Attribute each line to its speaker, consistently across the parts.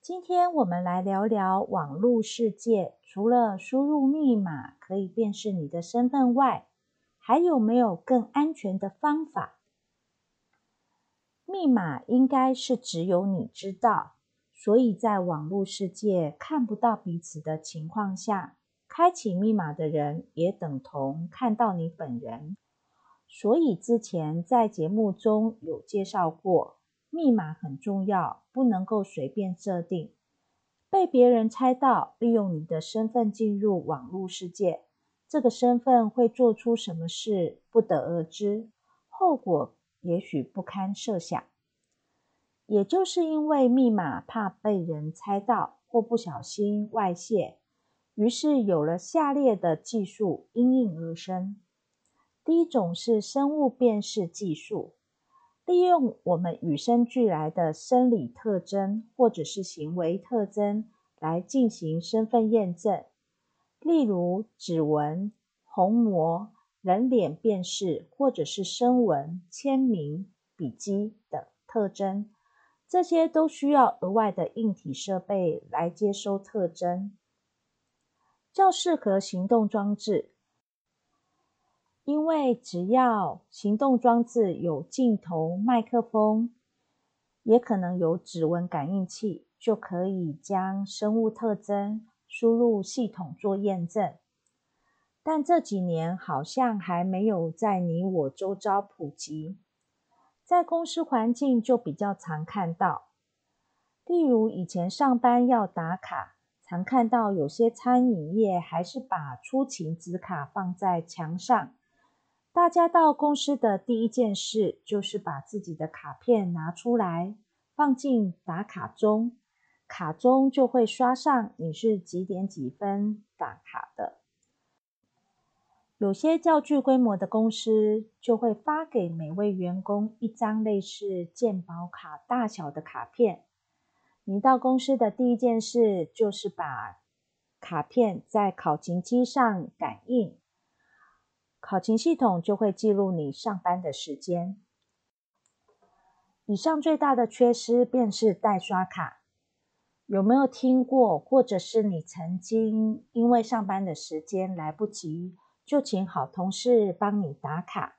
Speaker 1: 今天我們來聊聊網絡世界，除了輸入密碼可以辨識你的身份外，還有沒有更安全的方法？密碼應該是只有你知道，所以在網絡世界看不到彼此的情況下，開啟密碼的人也等同看到你本人。所以之前在節目中有介紹過。密碼很重要，不能夠隨便設定。被別人猜到，利用你的身份進入網絡世界，這個身份會做出什麼事，不得而知，後果也許不堪設想。也就是因為密碼怕被人猜到或不小心外洩，於是有了下列的技術應運而生。第一種是生物辨識技術。利用我們與生俱來的生理特徵，或者是行為特徵來進行身份驗證，例如指紋、虹膜、人臉辨識，或者是聲紋、簽名、筆跡等特徵。這些都需要額外的硬體設備來接收特徵，較適合行動裝置因為只要行動裝置有鏡頭、麥克風，也可能有指紋感應器，就可以將生物特徵輸入系統做驗證。但這幾年好像還沒有在你我周遭普及，在公司環境就比較常看到，例如以前上班要打卡，常看到有些餐飲業還是把出勤紙卡放在牆上。大家到公司的第一件事就是把自己的卡片拿出來，放進打卡鐘。卡鐘就會刷上你是幾點幾分打卡的。有些較具規模的公司就會發給每位員工一張類似健保卡大小的卡片，你到公司的第一件事就是把卡片在考勤機上感應。考勤系統就會記錄你上班的時間。以上最大的缺失便是代刷卡。有沒有聽過，或者是你曾經因為上班的時間來不及，就請好同事幫你打卡？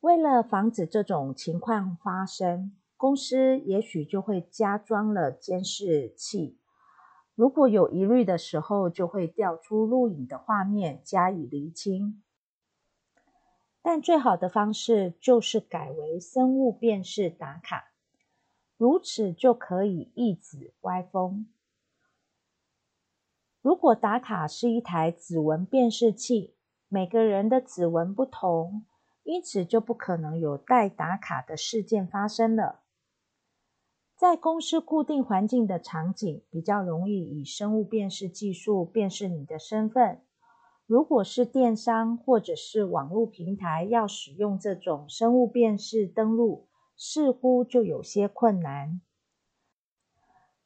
Speaker 1: 為了防止這種情況發生，公司也許就會加裝了監視器。如果有疑慮的時候，就會調出錄影的畫面加以釐清。但最好的方式就是改為生物辨識打卡，如此就可以抑制歪風。如果打卡是一台指紋辨識器，每個人的指紋不同，因此就不可能有代打卡的事件發生了。在公司固定環境的場景，比較容易以生物辨識技術辨識你的身份。如果是電商或者是網絡平台要使用這種生物辨識登錄，似乎就有些困難。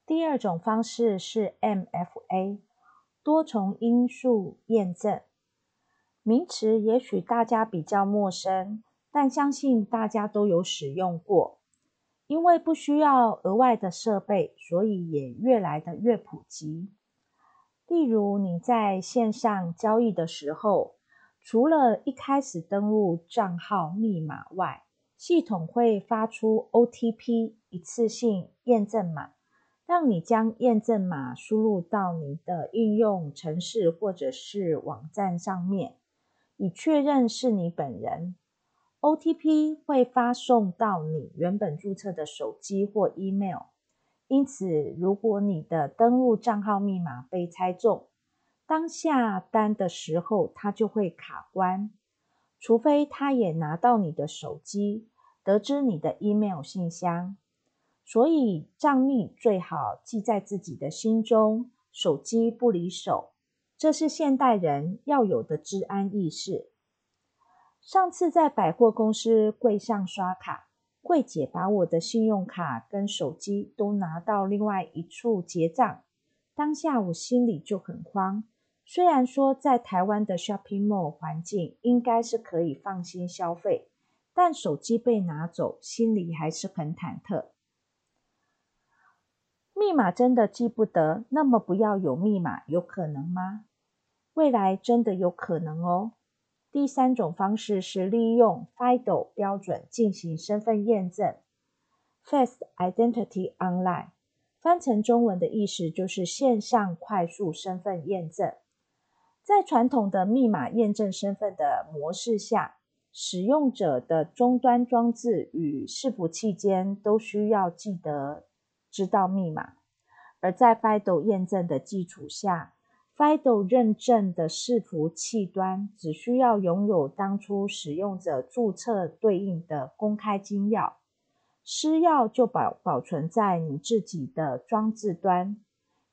Speaker 1: 第二種方式是 MFA，多重因素驗證。名詞也許大家比較陌生，但相信大家都有使用過。因為不需要額外的設備，所以也越來的越普及。例如，你在線上交易的時候，除了一開始登錄賬號密碼外，系統會發出 OTP 一次性驗證碼，讓你將驗證碼輸入到你的應用程式或者是網站上面，以確認是你本人。OTP 會發送到你原本註冊的手機或 email，因此如果你的登錄賬號密碼被猜中，當下單的時候它就會卡關，除非他也拿到你的手機，得知你的 email 信箱。所以賬密最好記在自己的心中，手機不離手，這是現代人要有的資安意識。上次在百貨公司櫃上刷卡，櫃姐把我的信用卡跟手機都拿到另外一處結賬，當下我心裡就很慌。雖然說在台灣的 shopping mall 環境應該是可以放心消費，但手機被拿走，心裡還是很忐忑。密碼真的記不得，那麼不要有密碼有可能嗎？未來真的有可能哦。第三種方式是利用 FIDO 標準進行身份驗證，Fast Identity Online，翻成中文的意思就是線上快速身份驗證。在傳統的密碼驗證身份的模式下，使用者的終端裝置與伺服器間都需要記得知道密碼，而在 FIDO 驗證的基礎下，FIDO 認證的伺服器端只需要擁有當初使用者註冊對應的公開金鑰，私鑰就保保存在你自己的裝置端。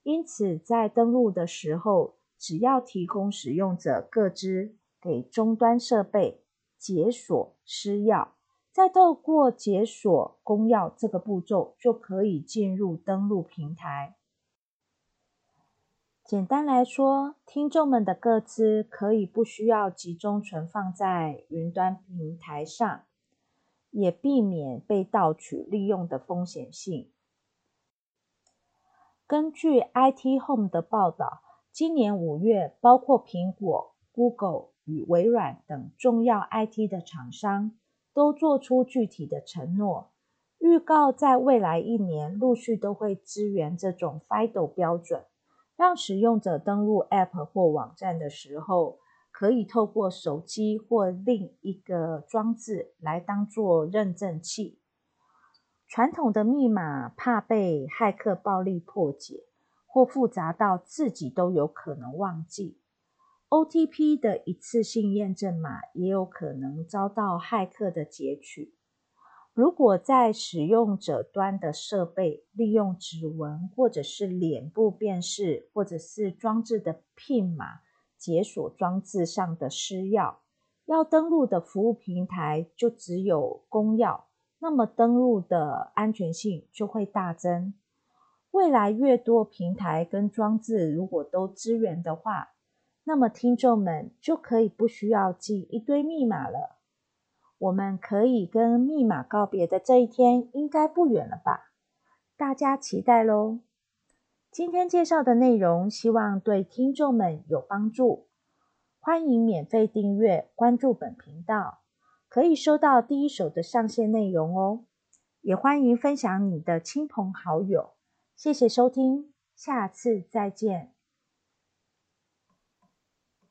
Speaker 1: 因此，在登錄的時候，只要提供使用者各自給終端設備解鎖私鑰，再透過解鎖公鑰這個步驟，就可以進入登錄平台。簡單來說，聽眾們的個資可以不需要集中存放在雲端平台上，也避免被盜取利用的風險性。根據 IT Home 的報道，今年五月，包括蘋果、Google 與微軟等重要 IT 的廠商，都做出具體的承諾，預告在未來一年陸續都會支援這種 FIDO 標準。當使用者登錄 App 或網站的時候，可以透過手機或另一個裝置來當作認證器。傳統的密碼怕被駭客暴力破解，或複雜到自己都有可能忘記。OTP 的一次性驗證碼也有可能遭到駭客的截取。如果在使用者端的設備利用指紋或者是臉部辨識，或者是裝置的 PIN 碼解鎖裝置上的私鑰，要登錄的服務平台就只有公鑰，那麼登錄的安全性就會大增。未來越多平台跟裝置如果都支援的話，那麼聽眾們就可以不需要記一堆密碼了。我們可以跟密碼告別的這一天應該不遠了吧？大家期待嘍！今天介紹的內容希望對聽眾們有幫助，歡迎免費訂閱關注本頻道，可以收到第一手的上線內容哦。也歡迎分享你的親朋好友，謝謝收聽，下次再見。